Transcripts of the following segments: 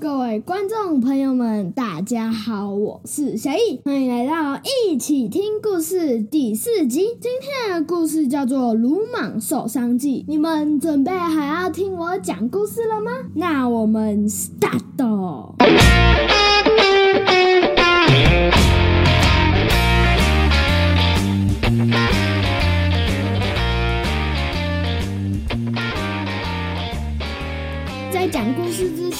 各位觀眾朋友們，大家好，我是小易，歡迎來到一起聽故事第四集。今天的故事叫做《魯莽受傷記》，你們準備好要聽我講故事了嗎？那我們 start、喔。嗯嗯嗯嗯嗯嗯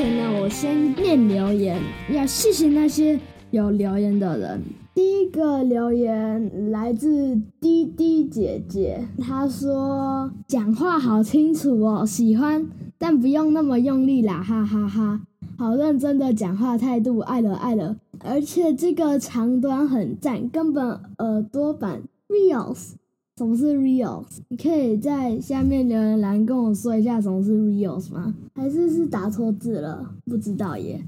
Okay, 那我先念留言，要謝謝那些有留言的人。第一個留言來自滴滴姐姐，她說：“講話好清楚哦，喜歡，但不用那麼用力啦，哈哈哈哈，好認真的講話態度，愛了愛了，而且這個長短很讚，根本耳朵版 Reels。Reels ”什麼是 reels？你可以在下面留言欄跟我說一下什麼是 reels 嗎？還是是打錯字了？不知道耶。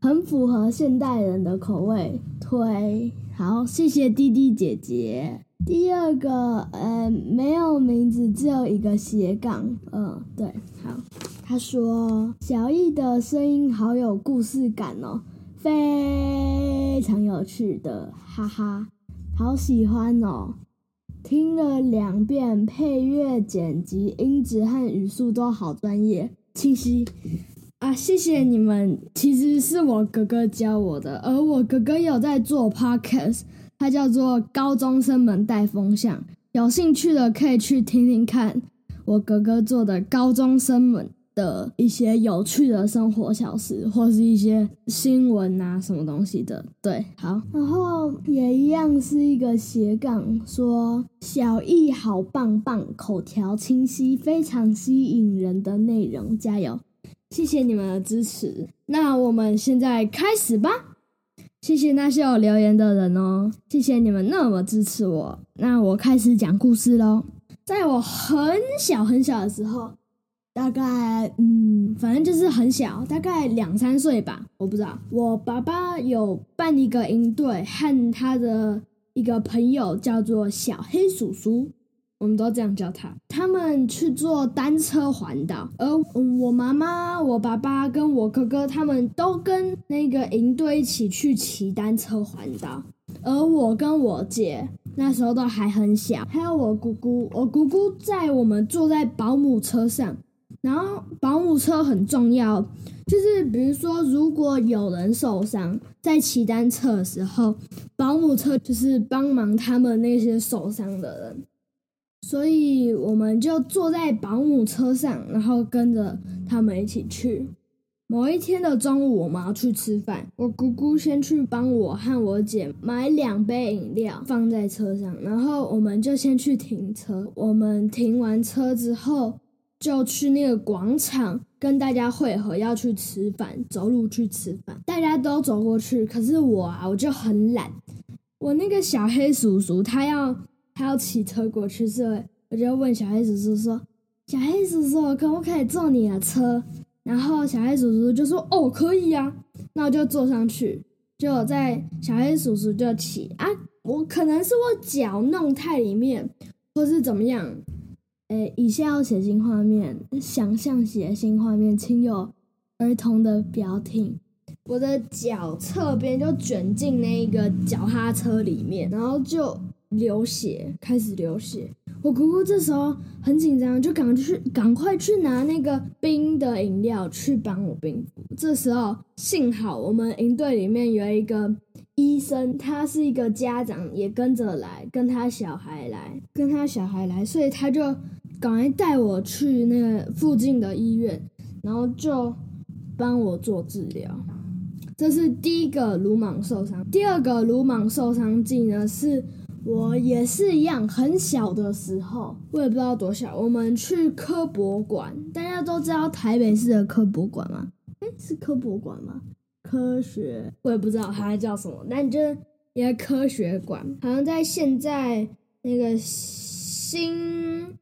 很符合現代人的口味，推。好，謝謝弟弟姐姐。第二個，呃，沒有名字，只有一個斜槓。嗯，對，好。他說，小藝的聲音好有故事感哦，非常有趣的，哈哈，好喜歡哦。聽了兩遍，配樂剪輯，音質和語速都好專業清晰啊！謝謝你們，嗯，其實是我哥哥教我的，而我哥哥有在做 podcast，他叫做《高中生們帶風向》，有興趣的可以去聽聽看我哥哥做的《高中生們》。的一些有趣的生活小事，或是一些新聞啊，什麼東西的，對，好，然後也一樣是一個斜槓，說小藝好棒棒，口條清晰，非常吸引人的內容，加油！謝謝你們的支持，那我們現在開始吧。謝謝那些有留言的人哦，謝謝你們那麼支持我，那我開始講故事嘍。在我很小很小的時候。大概嗯，反正就是很小，大概兩三歲吧，我不知道。我爸爸有辦一個營隊，和他的一個朋友叫做小黑叔叔，我們都這樣叫他。他們去坐單車環島，而我媽媽、我爸爸跟我哥哥他們都跟那個營隊一起去騎單車環島，而我跟我姐那時候都還很小，還有我姑姑，我姑姑載我們坐在保姆車上。然後保姆車很重要，就是比如說，如果有人受傷在騎單車的時候，保姆車就是幫忙他們那些受傷的人。所以我們就坐在保姆車上，然後跟着他們一起去。某一天的中午，我們要去吃飯，我姑姑先去幫我和我姐買兩杯飲料放在車上，然後我們就先去停車。我們停完車之後，就去那個廣場跟大家會合，要去吃飯，走路去吃飯。大家都走過去，可是我啊，我就很懶。我那個小黑叔叔他要他要騎車過去，所以我就問小黑叔叔說：“小黑叔叔，我可不可以坐你的車？”然後小黑叔叔就說：“哦，可以啊。”那我就坐上去，就在小黑叔叔就騎啊。我可能是我腳弄太裡面，或是怎麼樣。誒，以下要寫新畫面，想象寫新畫面，親友兒童的表情。我的腳側邊就捲進那個腳踏車裡面，然後就流血，開始流血。我姑姑這時候很緊張，就趕快去，趕快去拿那個冰的飲料去幫我冰敷。這時候幸好我們營隊裡面有一個。醫生，他是一個家長，也跟着來，跟他小孩來，跟他小孩來，所以他就趕快帶我去那個附近的醫院，然後就幫我做治療。這是第一個魯莽受傷，第二個魯莽受傷記呢是，我也是一樣，很小的時候，我也不知道多小，我們去科博館，大家都知道台北市的科博館嗎？誒，欸，是科博館嗎？科學，我也不知道它叫什麼，但就是一個科學館，好像在現在那個新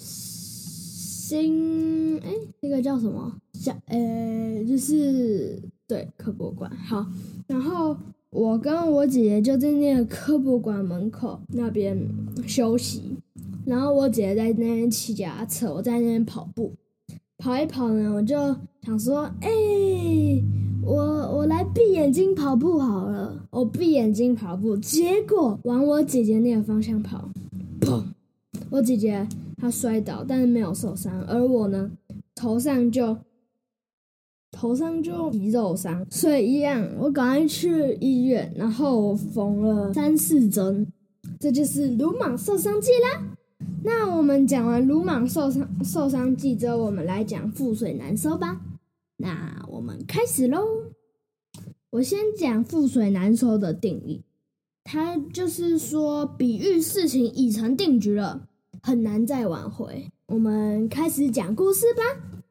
新哎，那、欸這個叫什麼？叫呃、欸，就是對，科博館。好，然後我跟我姐姐就在那個科博館門口那邊休息，然後我姐姐在那邊騎腳踏車，我在那邊跑步，跑一跑呢，我就想說，哎、欸。我我來閉眼睛跑步好了，我閉眼睛跑步，結果往我姐姐那個方向跑，砰！我姐姐她摔倒，但是沒有受傷，而我呢，頭上就頭上就皮肉傷，所以一樣，我趕快去醫院，然後縫了三四針。這就是魯莽受傷記啦。那我們講完魯莽受傷受傷記之後，我們來講覆水難收吧。那我們開始嘍。我先講“覆水難收”的定義，它就是說，比喻事情已成定局了，很難再挽回。我們開始講故事吧。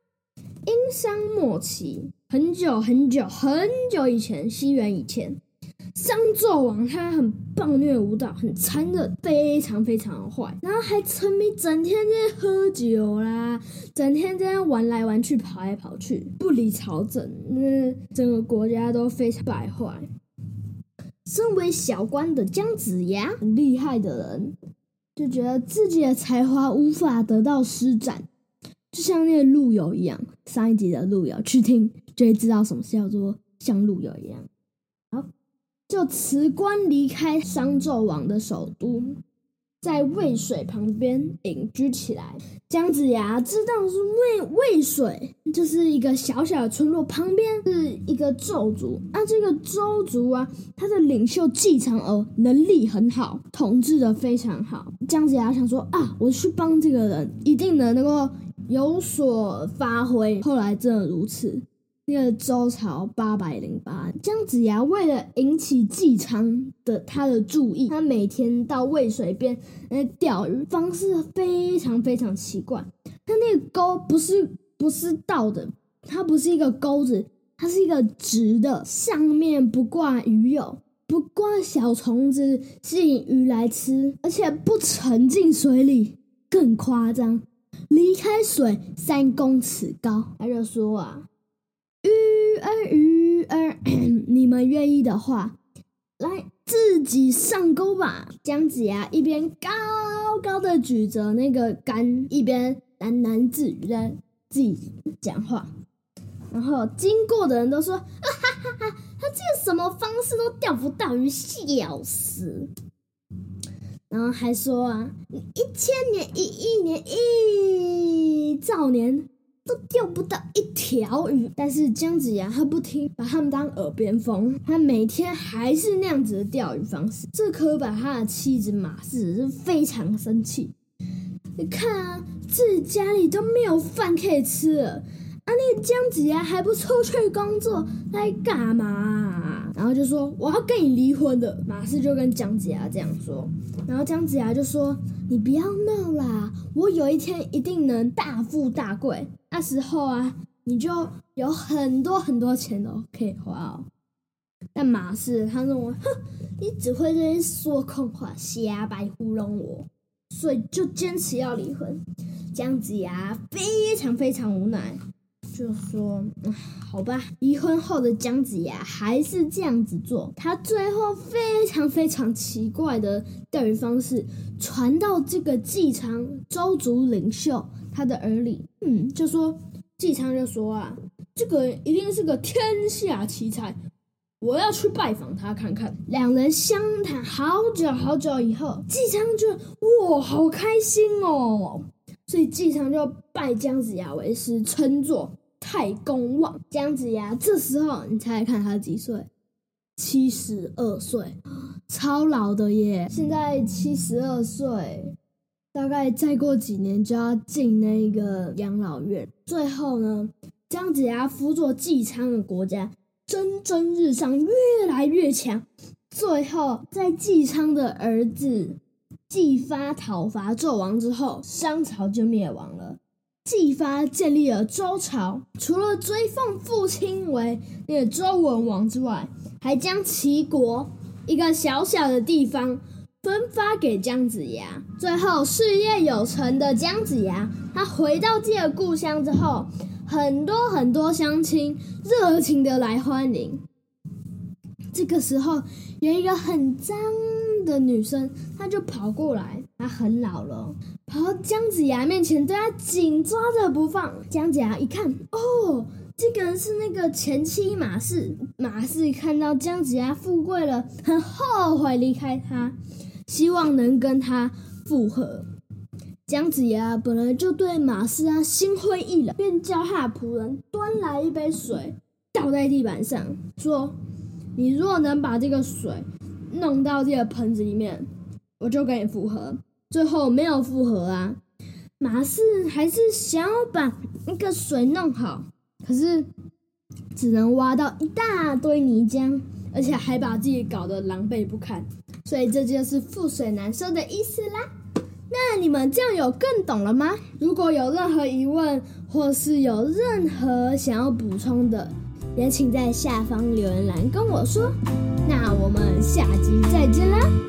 殷商末期，很久很久很久以前，西元以前。商紂王他很暴虐無道，很殘忍，非常非常的壞。然後還沉迷整天在喝酒啦，整天這樣玩來玩去，跑來跑去，不理朝政，那、嗯、整個國家都非常敗壞。身為小官的姜子牙，很厲害的人，就覺得自己的才華無法得到施展，就像那個陸游一樣。上一集的陸游去聽，就會知道什麼叫做像陸游一樣。好。就辭官離開商紂王的首都，在渭水旁邊隱居起來。姜子牙知道是渭渭水，就是一個小小的村落旁邊是一個周族。那、啊、這個周族啊，他的領袖姬昌呃能力很好，統治得非常好。姜子牙想說啊，我去幫這個人，一定能那個有所發揮。後來真的如此。那個周朝八百零八，姜子牙為了引起姬昌的他的注意，他每天到渭水邊呃釣魚，方式非常非常奇怪。他那個鈎不是不是倒的，它不是一個鈎子，它是一個直的，上面不掛魚餌，不掛小蟲子，吸引魚來吃，而且不沉進水裡。更誇張，離開水三公尺高，他就說啊。魚兒魚兒，你們願意的話，來自己上鈎吧！姜子牙一邊高高的舉着那個桿，一邊喃喃自語，在自己講話。然後經過的人都說：“啊哈哈哈，他這個什麼方式都釣不到魚，笑死！”然後還說：“啊，一千年，一億年，一兆年。”都釣不到一條魚，但是姜子牙他不聽，把他們當耳邊風。他每天還是那樣子的釣魚方式，這可把他的妻子馬氏是非常生氣。你看啊，自己家裡都沒有飯可以吃了，啊，那個姜子牙還不出去工作來幹嘛啊？然後就說我要跟你離婚了。馬氏就跟姜子牙這樣說，然後姜子牙就說你不要鬧啦，我有一天一定能大富大貴。那時候啊，你就有很多很多錢都、喔、可以花哦、喔。但馬氏他認為，哼，你只會在那邊說空話、瞎白糊弄我，所以就堅持要離婚。姜子牙非常非常無奈，就說：“嗯、好吧。”離婚後的姜子牙還是這樣子做。他最後非常非常奇怪的釣魚方式，傳到這個姬昌周族領袖，他的兒女，嗯，就說姬昌就說啊，這個人一定是個天下奇才，我要去拜訪他看看。兩人相談好久好久以後，姬昌就哇，好開心哦，所以姬昌就拜姜子牙為師，稱作太公望。姜子牙這時候，你猜猜看他幾歲？七十二歲，超老的耶，現在七十二歲。大概再過幾年就要進那個養老院。最後呢，姜子牙輔佐姬昌的國家蒸蒸日上，越來越強。最後，在姬昌的兒子姬發討伐紂王之後，商朝就滅亡了。姬發建立了周朝，除了追奉父親為那個周文王之外，還將齊國一個小小的地方。分發給姜子牙。最後，事業有成的姜子牙，他回到自己的故鄉之後，很多很多鄉親熱情的來歡迎。這個時候，有一個很髒的女生，她就跑過來，她很老了，跑到姜子牙面前，對他緊抓着不放。姜子牙一看，哦，這個人是那個前妻馬氏。馬氏看到姜子牙富貴了，很後悔離開他。希望能跟他復合。姜子牙、啊、本來就對馬氏啊心灰意冷，便叫他僕人端來一杯水，倒在地板上，說：“你如果能把這個水弄到這個盆子裡面，我就跟你復合。”最後沒有復合啊。馬氏還是想要把那個水弄好，可是只能挖到一大堆泥漿，而且還把自己搞得狼狽不堪。所以這就是覆水難收的意思啦，那你們這樣有更懂了嗎？如果有任何疑問或是有任何想要補充的，也請在下方留言欄跟我說。那我們下集再見啦！